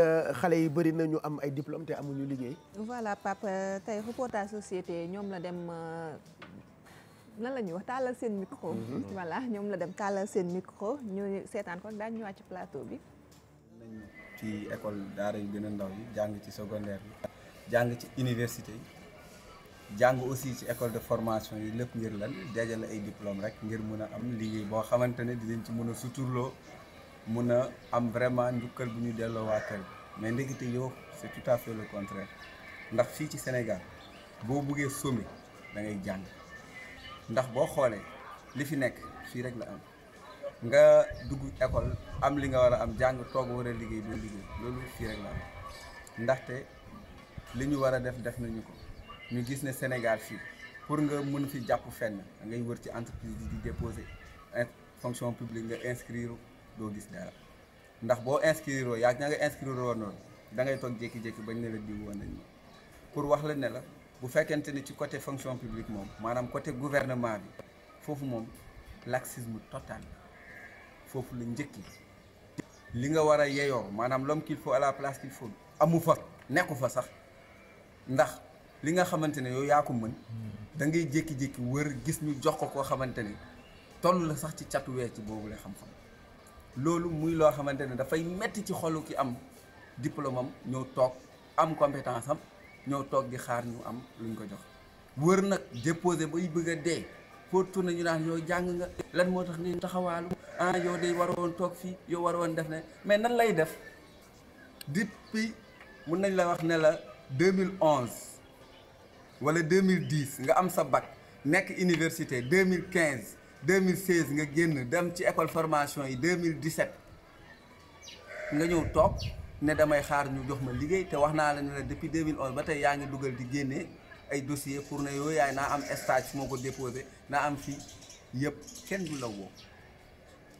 Euh, xale yi bëri nañu am ay diplôme te amuñu liggéey. voilà Pape tey reportage société ñoom la dem euh, lan lañuy ñuy wax tàllal seen micro. Mhm. la dem tàllal seen micro ñu seetaan ko daañu ñëwaat ci plateau bi. nañu ci école daara yu gën a ndaw yi jàng ci secondaire bi. jàng ci université yi jàng aussi ci école de formation yi lépp ngir lan dajale ay diplôme rek ngir mun a am liggéey boo xamante ne dinañ ci mun a suturloo. mun a am vraiment njukkal bu ñu delloo waa kër mais ndekete yow c' est tout à fait le contraire ndax fii ci Sénégal boo buggee sommi da ngay jàng ndax boo xoolee li fi nekk fii rek la am nga dugg école am li nga war a am jàng toog war a liggéey doo liggéey loolu fii rek la am ndaxte li ñu war a def def nañu ko ñu gis ne Sénégal fii pour nga mën fi jàpp fenn da ngay wër ci entreprise di déposer eh, fonction publique nga inscrire. doo gis dara ndax boo inscrire woo yaa ña nga inscrire woon noonu da ngay toog jékki-jékki bañ ne la diw woon nañ pour wax la ne la bu fekkente ne ci côté fonction publique moom maanaam côté gouvernement bi foofu moom laxisme total foofu la njëkki li nga war a yeyoo maanaam l'homme qu'il faut à la place qu'il faut amu fa nekku fa sax ndax li nga xamante ne yow yaa ko mën da ngay jékki-jékki wër gis ñu jox ko koo xamante ne toll la sax ci catu weer ci boobu lay xam loolu muy loo xamante ne dafay metti ci xolu ki am diplôme am ñëw toog am compétence am ñëw toog di xaar ñu am luñ ko jox wër nag déposé bay bëgg a dee pour tourné ñu naan yow jàng nga lan moo tax ni taxawaalu ah yow day waroon toog fii yow waroon def ne mais nan lay def depuis mun nañ la wax ne la 2011 wala 2010 nga am sa bac nekk université 2015 2016 nga génn dem ci école formation yi 2017 nga ñëw toog ne damay xaar ñu jox ma liggéey te wax naa la ne la depuis 2011 ba tey yaa ngi dugal di génne ay dossier pour ne yooyu yaay naa am stage su ma ko déposé naa am fii yëpp kenn du la woo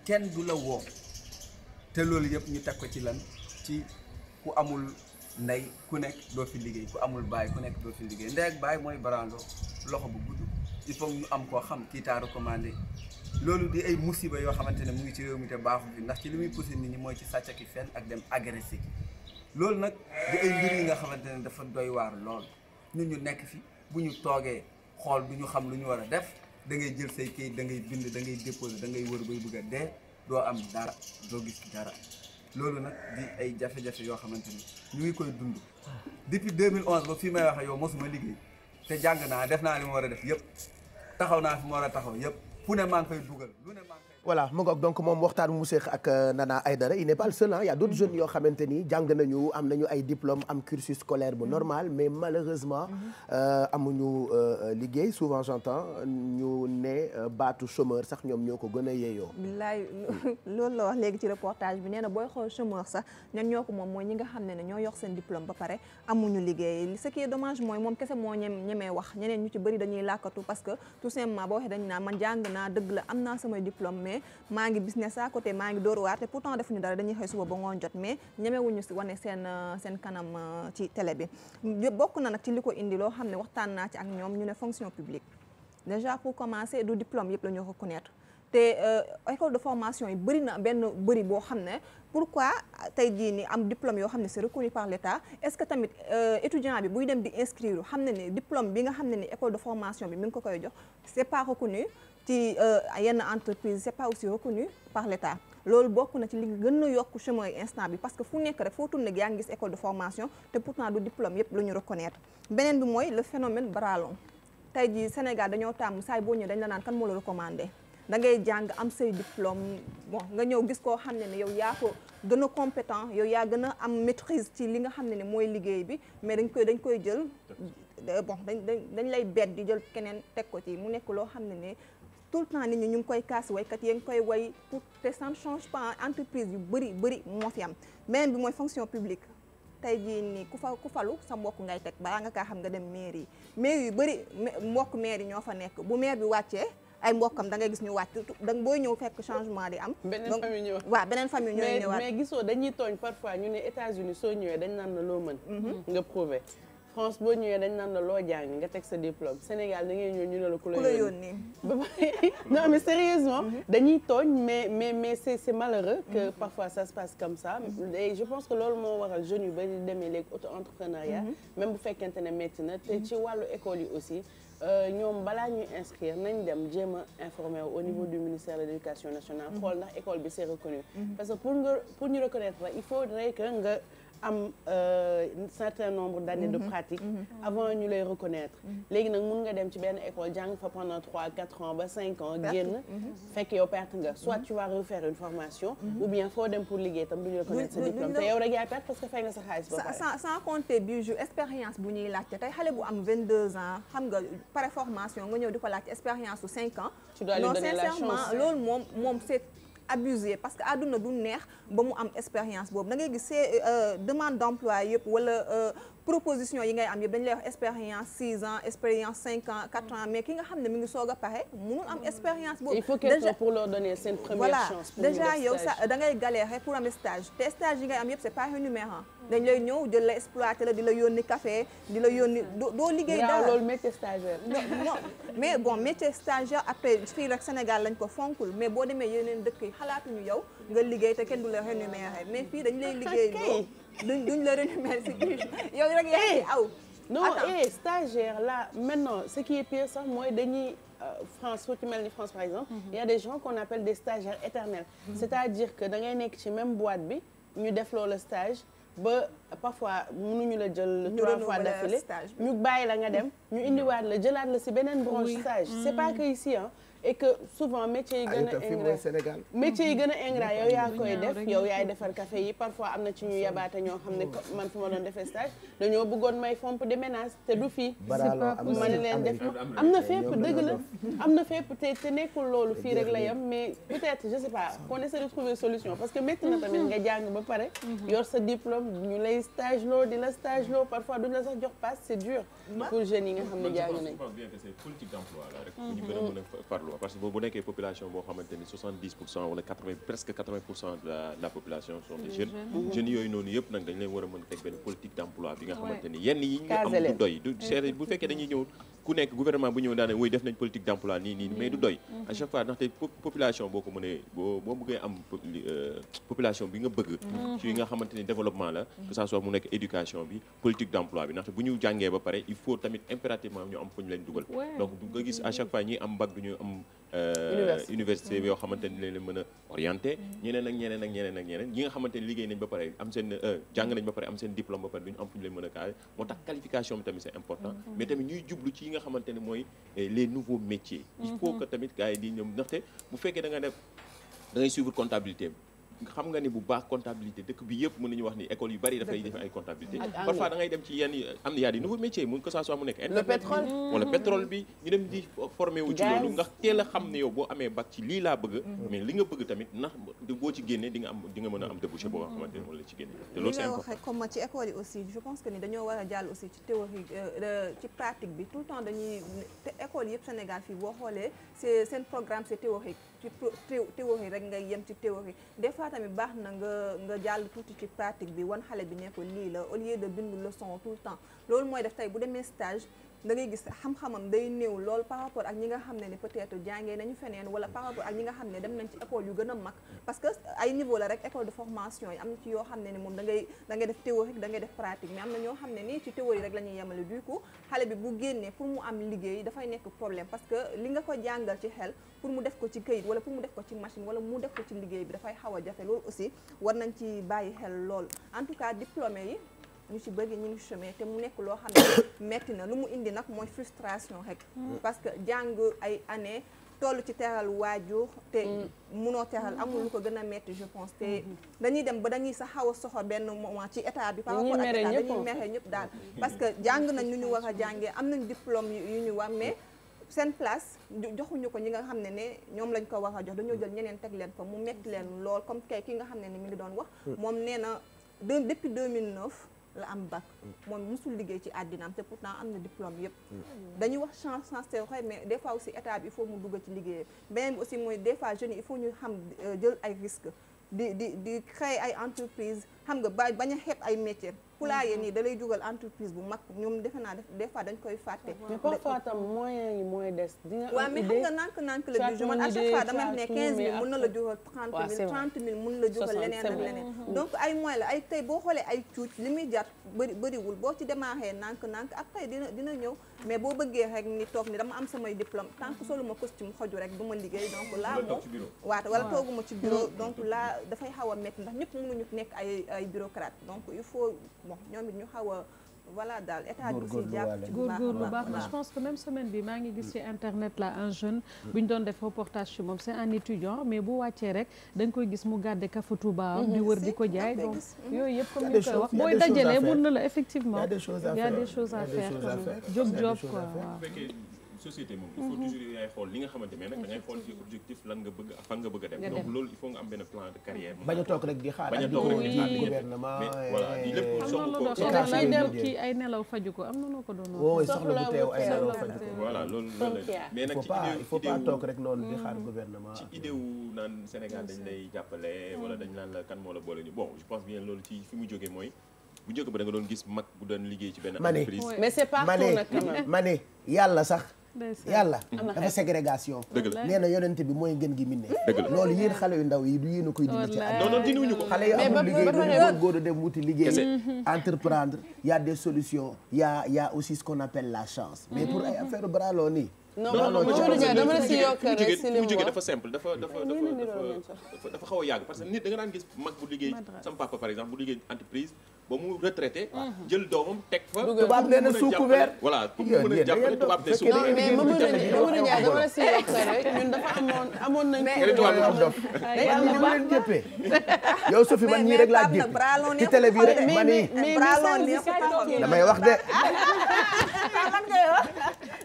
kenn du la woo te loolu yëpp ñu teg ko ci lan ci ku amul ndey ku nekk doo fi liggéey ku amul baay ku nekk doo fi liggéey ndey ak baay mooy barando loxo bu gudd il faut ñu am koo xam kii taa loolu di ay musiba yoo xamante ne mu ngi ci réew mi te baaxu fi ndax ci li muy poussé ni ñi mooy ci sàcc ki fenn ak dem agressé ki loolu nag di ay yi nga xamante ne dafa doy waar lool ñun ñu nekk fi bu ñu toogee xool du ñu xam lu ñu war a def da ngay jël say kayit da ngay bind da ngay déposé da ngay wër bay bëgg a dee doo am dara doo gis loolu nag di ay jafe-jafe yoo xamante ni ñu ngi koy dund depuis 2011 ba fii may waxe yow mosuma liggéey te jàng naa def naa li ma war a def yëpp taxaw naa fi ma war a taxaw yëpp fu ne maa ngi koy dugal lu ne maa ngi voilà mu ngoog donc moom waxtaan mu seex ak euh, Nana Aidara il n'est pas le seul ah y a mm-hmm. yoo xamante ni jàng nañu am nañu ay diplôme am cursus bu mm-hmm. normal mais malheureusement mm-hmm. euh, amuñu euh, liggéey souvent j'entends ñu ne baatu chômeur sax ñoom ñoo ko gën a yeeyoo bilaay loolu la wax léegi ci reportage bi nee na booy xool chômeur sax ñan ñoo moom mooy ñi nga xam ne ne ñoo yor seen diplôme ba pare amuñu liggéey ce qui est dommage mooy moom kese moo ñem ñemee wax ñu ci bëri dañuy làkkatu parce que tout simplement boo waxee dañ naa naa dëgg la am naa samay diplôme ne maa ngi business saa côté maa ngi dóor waar te pourtant defuñu dara dañuy xëy suba ba ngoon jot mais ñemewuñu si wane seen euh, seen kanam euh, ci télé bi bokk na nag ci li ko indi loo xam ne waxtaan naa ci ak ñoom ñu ne fonction publique déjà pour commencer du diplôme yëpp la ñu reconnaître te euh, école de formation yi bëri na benn bëri boo xam ne pourquoi tey jii ni am diplôme yoo xam ne c'est reconnu par l'État est-ce que tamit étudiant bi buy dem di inscrire xam ne ni diplôme bi nga xam ne ni école de formation bi mi ngi ko koy jox ci euh, yenn entreprise c'est pas aussi reconnu par l'État loolu bokk na ci li gën a yokk chemin yi instant bi parce que fu nekk rek foo tourné yaa ngi gis école de formation te pourtant du diplôme yëpp la ñu reconnaître beneen bi mooy le phénomène bras long tey jii Sénégal dañoo tàmm saay boo ñëwee dañ la naan kan moo la recommandé da ngay jàng am say diplôme bon nga ñëw gis koo xam ne ne yow yaa ko gën a compétent yow yaa gën am maîtrise ci li nga xam ne ne mooy liggéey bi mais dañ koy dañ koy jël bon dañ dañ dañ lay bett di jël keneen teg ko mu nekk loo xam ne ne tout le temps nit ñi ñu ngi koy kaas waykat yee ngi koy way pour te ça ne entreprise yu bëri bëri moo fi am même bi mooy fonction publique tey jii nii ku fa ku falu sa mbokk ngay teg balaa nga kaa xam nga dem mairie yi mairie yu bëri mbokk mairie ñoo fa nekk bu maire bi wàccee ay mbokkam da gis ñu wàcc da booy ñëw fekk changement di am. beneen famille ñëw waaw beneen famille ñooy ñëwaat mais mais gisoo dañuy tooñ parfois ñu ne États-Unis soo ñëwee dañ naan la loo mën. Mhm. France boo ñëwee dañ naan la loo jàng nga teg sa diplôme Sénégal da ngay ñëw ñu ne la la yónni ba non mais sérieusement mhm. dañuy tooñ mais mais mais c'est c'est malheureux que mhm. parfois ça se passe comme ça et je pense que loolu moo waral jeunes yu bari demee léegi auto-entrepreneuriat mhm. même bu fekkente ne métti na te ci wàllu école yi aussi euh, ñoom balaa ñuy inscrire nañ dem jéem a informer au niveau du ministère de l'éducation nationale xool ndax école bi c'est reconnu parce que pour nga la il faudrait que am un euh, certain nombre d'années de mm-hmm. pratique mm-hmm. avant ñu lay reconnaître mm-hmm. léegi nag mun nga dem ci benn école jàng fa pendant trois quatre ans ba cinq ans génn fekk yo perte nga soit tu vas refaire une formation ou bien foo dem pour liggéey tam du ñu reconnaître sa diplôme te yow rek parce que fay nga sa xaalis ba pare sans compter bi ju expérience bu ñuy laajte tey xale bu am vingt deux ans xam nga pare formation nga ñëw di ko laajte expérience su cinq ans tu dois la chance non sincèrement moom moom c'est abusé parce que àdduna du neex ba mu am expérience boobu da ngay gis euh, demande d'emploi yëpp wala euh, proposition yi ngay am yëpp dañ lay wax expérience 6 ans expérience 5 ans 4 ans mais ki nga xam ne mi ngi soog a pare mënul am expérience boobu. il faut que pour leur donner seen première voilà. chance. pour déjà yow sa da ngay pour am stage te stage yi ngay am yëpp c'est pas rémunérant. dañ lay ñëw jël la exploiter la di la yónni café di la yónni doo liggéey dara loolu métier stagiaire non mais bon métier stagiaire après fii rek Sénégal lañ ko fonkul mais boo demee yeneen dëkk yi xalaatuñu yow nga liggéey te kenn du la rémunéré mais fii dañ lay ah, liggéey duñ duñ la renumérer sécurité yow rek yaa ngi eh, aw. non eh stagiaire là maintenant ce qui est pire sax mooy dañuy. Euh, France fu ci mel ni France par exemple. il mhm. y a des gens qu'on appelle des stagiaires éternels. Mhm. c'est-à-dire que da ngay nekk ci même boîte bi ñu def loolu stage ba parfois mënuñu la jël. trois fois d'affilée ñu bàyyi la nga dem. ñu indiwaat la jëlaat la ci beneen branche stage. c'est mhm. pas que ici hein. e que souvent métier yi ah, gën a ingrat Sénégal métier yi gën a ingrat yow yaa koy def yow yaay defar café yi parfois am na ci ñu yabaate ñoo xam ne man fu ma doon defee stage dañoo bëggoon may fomp de ménage te du fii ma ne leen def am na fépp dëgg la am na fépp te te nekkul loolu fii rek la mais peut-être je sais pas de trouver solution parce que métti na tamit mhm. nga jàng ba pare mhm. yor sa diplôme ñu lay stage loo di la stage loo parfois duñ la sax jox passe c'est yi nga xam ne jàng nañ bien que c'est quoi parce que boobu nekkee population boo xamante ni 70 pour cent wala presque pour cent de la population sont des mmh. yooyu noonu yëpp nag dañ leen war a mën teg benn politique d'emploi bi nga xamante yenn yi ñu doy du chaque fois ndaxte population boo ko mënee boo boo am euh, population bi nga bëgg mmh. ci nga xamante développement la mmh. que ça soit mu nekk éducation bi politique d'emploi bi ndaxte bu ñu jàngee ba pare il faut tamit impérativement ñu am Euh, université mm. yoo xamante ni leen mën a orienté mm. ñeneen ak ñeneen ak ñeneen ak ñeneen ñi nga xamante ni liggéey nañ ba pare am seen euh, jàng nañ ba pare am seen diplôme ba pare duñu am fu ñu leen mën a carré moo tax qualification bi tamit c'est important mm-hmm. mais tamit ñuy jublu ci yi nga xamante ne mooy euh, les nouveaux métiers il faut mm-hmm. que tamit gars yi di ñoom ndaxte bu fekkee da nga def da ngay suivre comptabilité bi xam nga ni bu baax comptabilité dëkk bi yëpp mën nañu wax ni école yu bari dafay def ay comptabilité parfois da dem ci yenn am na yaa di nouveau métier mun que ça soit mu nekk mm. nga teel a xam ne yow boo amee bac ci lii laa bëgg mm. mais li nga bëgg tamit ndax boo ci génnee di mën a am débouché ci génne loolu c'est important ci école yi aussi je pense que ni dañoo war a jàll aussi ci théorie euh, euh, ci pratique bi tout temps dañuy école yëpp tamit baax na nga nga jàll tuuti ci pratique bi wan xale bi ne ko lii la au lieu de bind leçon tout le temps loolu mooy def tey bu demee stage da gis xam-xamam day néew lool par rapport ak ñi nga xam ne ni peut-être jàngee nañu feneen wala par rapport ak ñi nga xam ne dem nañ ci école yu gën a mag parce que ay niveau la rek école de formation yi am na ci yoo xam ne ni moom da ngay da ngay def théorique da ngay def pratique na ñoo xam ne nii ci théorie rek la ñuy yemale du coup xale bi bu génnee pour mu am liggéey dafay nekk problème parce que li nga ko jàngal ci xel pour mu def ko ci këyit wala pour mu def ko ci machine wala mu def ko ci liggéey bi dafay xaw a jafe war nañ ci bàyyi lool en tout cas diplômé yi ñu ci bëri ñu ngi chemin te mu nekk loo xam ne metti na lu mu indi nag mooy frustration rek mm. parce que jàng ay année toll ci teral waajur te mm. munoo teral amul lu ko gën a metti je pense te mm-hmm. dañuy dem ba dañuy sax xaw a soxo benn moment ci état bi par rapport ak état dañuy mere ñëpp daal mm-hmm. parce que jàng nañ nu ñu war a jàngee am nañ diplôme yu ñu war mais seen place joxuñu ko ñi nga xam ne ne ñoom lañ ko war a jox dañoo jël ñeneen teg leen fa mu metti leen lool comme kay ki nga xam ne ni mi ngi doon wax mm. moom nee na depuis 2009 la am bac mm. moom musul liggéey ci àddinaam te pourtant am na diplôme yëpp mm. dañuy wax chance chance te waxee mais des fois aussi état bi il faut mu dugg ci liggéey beneen bi aussi mooy des fois jeunes yi il faut ñu xam euh, jël ay risques di di di créer ay entreprise xam nga ba bañ a xeeb ay métier mm-hmm. poulailler nii da lay dugal entreprise bu mag ñoom defe naa des fois dañ koy fàtte mais parfois tam moyens yi mooy des waaw mais xam nga nànk nànk la du jour man à chaque fois damay ne quinze mille mun na la jural mm-hmm. boo xoolee ay cuuc li muy jar bëri bëriwul boo dina dina ñëw mais boo bëggee rek ni toog ni dama am samay diplôme tant que solu ma rek du ma liggéey donc laa moom waata wala tooguma ci bureau mm-hmm. donc laa dafay xaw a métti ndax ñëpp mënuñu nekk ay ay bureaucrate donc il faut bon ñoom ñu xaw a voilà daal état bi ci jàpp ci góorgóorlu baax na je pense que même semaine bi maa ngi gis ci internet la un jeune mm. bu ñu doon def reportage ci moom c'est un étudiant mais bu wàccee rek da nga koy gis mu gàdde kafa Touba mm-hmm. di wër di ko jaay donc mm-hmm. yooyu yëpp comme ni koy wax booy dajalee mun na la effectivement y a des choses à faire comme job job quoi société moom il faut mhm. toujours yaay xool li nga xamante mais nag da xool ci objectif lan nga bëgg ak nga bëgg a dem donc loolu il faut nga am benn plan de carrière a toog rek di xaar bañ a toog rek di xaar gouvernement voilà di lépp soxla ko soxla del kii ay la mais nag mhm. ci idée naan Sénégal dañ lay jàppale wala dañ naan la kan moo la boole ni bon je pense bien loolu ci fi mu jógee mooy bu njëkk ba da doon gis mag bu doon liggéey ci benn entreprise mais c'est yàlla sax yàlla dafa ségrégation nee na yonent bi mooy ngeen gi minne loolu yéen xale yu ndaw yi du yéen a koy dindi ci non xale yu amul liggéey dañu góor a dem wuti liggéey mhm. entreprendre y a des solutions y a y a aussi ce qu'on appelle la chance mais mhm. pour ay affaire braloo non non dama la si yokk rek si li mu jógee dafa simple dafa dafa dafa dafa xaw a yàgg parce que nit da nga daan gis mag bu liggéey sama papa par exemple bu liggéey entreprise ba mu retraité jël doomam teg fa tubaab nee na sous couvert voilà pour mu mën a jàppale tubaab ne sous couvert mais Mamadou Ndiaye dama la si yokk rek ñun dafa amoon amoon nañ jëppee yow Sophie man ñii rek laa jëpp ci télé bi rek man nii damay wax de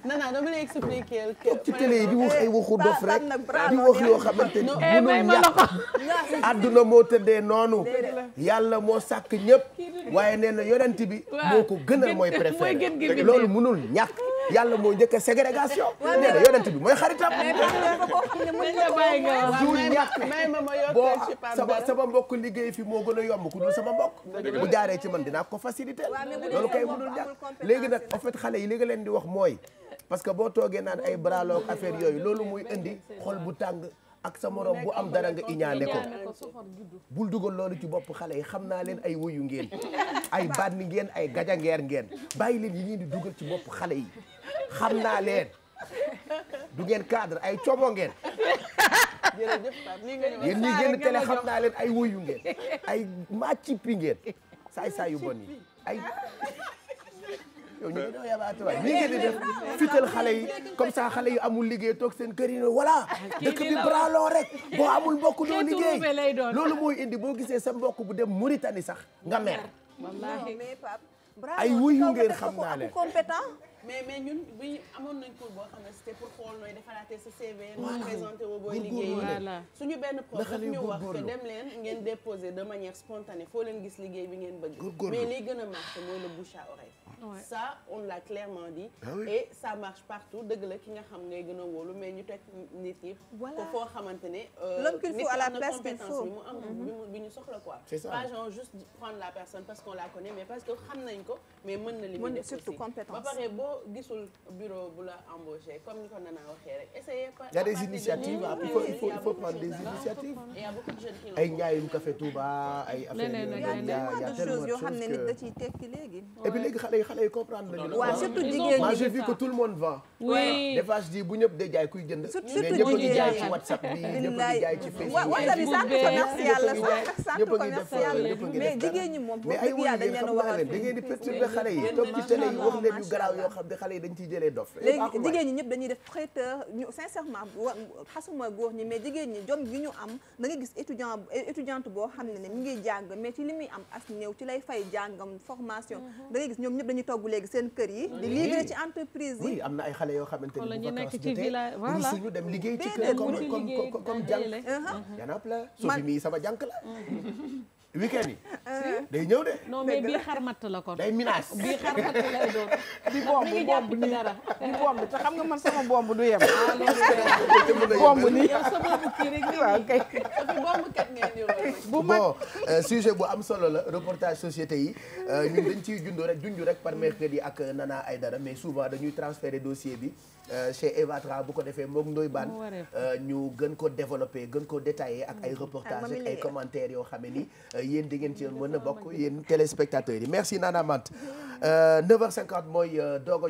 nana dama lay expliquer ci télé yi di wax eh, ay waxu dof rek di wax yoo xamante ni eh, mënul yàq moo tëddee noonu yàlla moo sàkk ñëpp waaye nee na bi moo ko gënal mooy préféré loolu mënul ñàkk yàlla a ségrégation nee na yonent bi mooy xaritam du ñàkk boo sama sama mbokk liggéey fi moo gën a yomb ku dul sama mbokk bu jaaree ci man dinaa ko faciliter loolu kay mënul ñàkk léegi nag en fait xale yi li nga leen di wax mooy parce que boo toogee naan ay braloog affaire yooyu loolu mooy indi xol bu tàng ak sa moroom bu am dara nga iñaane ko bul dugal loolu ci bopp xale yi xam naa leen ay wuyu ngeen ay bànni ngeen ay gajangeer ngeen bàyyi leen yi ngeen di dugal ci bopp xale yi xam naa leen du ngeen cadre ay como ngeen yéen ñi génn télé xam naa leen ay wuyu ngeen ay maaci pi ngeen saay saay yu bon yi ay yow ñu ngi doon yabaate waay nii ngeen di def fital xale yi comme ça xale yi amul liggéey toog seen kër yi voilà ah, dëkk bi braloo rek boo amul mbokk doo liggéey loolu mooy indi boo gisee sa bokk bu dem Mauritanie sax nga mer. wallaahi ay wuyu ngeen xam naa leen compétent mais mais ñun bi amoon nañ cours boo xam ne c'était pour xool nooy defaraatee sa CV. voilà présenté woo booy liggéey suñu benn prof daf ñu wax que dem leen ngeen déposer de manière spontanée foo leen gis liggéey bi ngeen bëgg. mais liy gën a marché mooy le bouche à oreille. ça on l'a clairement dit. Ah et ça marche partout dëgg la ki nga xam ngay gën a wóolu mais ñu teg nit yi. voilà foo xamante ne. Euh, l'homme qu'il faut à la place qu'il faut nit am na compétence bi mu am mhm. bi ñu soxla quoi. c'est ça pas genre juste prendre la personne parce qu'on la connaît mais parce que xam nañ ko mais mën na li muy def surtout compétence ba pare boo soo gisul bureau bu la embauché comme ni ko Nana waxee rek essayez par. y a des initiatives ah il faut il faut il faut prendre des initiatives. il y a beaucoup de jeunes qui ay Ndiayum Café Touba ay affaire y a tellement de choses yoo xam ne nit da ciy tekki léegi. et puis léegi xale yi xale yi comprendre nañu. waaw surtout jigéen ñi j'ai vu que tout le monde vend. oui des fois je dis bu ñëpp de jaay kuy jënd. surtout jigéen ñi mais ñëpp di jaay ci WhatsApp bi ñëpp di jaay ci Facebook. waaw WhatsApp bi centre commercial la centre commercial mais jigéen ñi moom. mais ay wóor yi xam nga da ngeen di perturber xale yi toog ci télé yi wax leen yu garaaw yoo xam bi xale yi dañ ciy jëlee dof léegi jigéen ñi ñëpp dañuy def traiteur ñu sincèrement xasuma góor ñi mais jigéen ñi jom gi ñu am da nga gis étudiant étudiante boo xam ne ne mi ngi jàng mais ci li muy am as néew ci lay fay jàngam formation mhm. da nga ñoom ñëpp dañuy togg léegi seen kër yi di liggéey ci entreprise yi am na ay xale yoo xamante ni bu nekk ci village voilà suñu liggéey ci kër comme comme comme jànk yanap la su fi mii sama jànk la mhm. weekend yi. day ñëw de. non mais bii xarmat la kon. day minaas bii xarmat doon. di bomb te xam nga man sama bomb du yem. Ah, bomb nii yow sa bomb kii rek nii waaw kay. bomb bu ma bon euh, bu am solo la reportage société yi euh, ñun dañ ciy jundu rek junj rek par mercredi ak Nana dara mais souvent dañuy transférer dossier bi. Euh, chez Eva Tra bu ko defee moom Ndoye Bane euh, ñu gën ko développé gën ko détaillé ak ay mm-hmm. reportages ay commentaires yoo xam ne ni euh, yéen di ngeen ci mën a bokk yéen téléspectateurs yi merci Nana Mante 9 mooy doog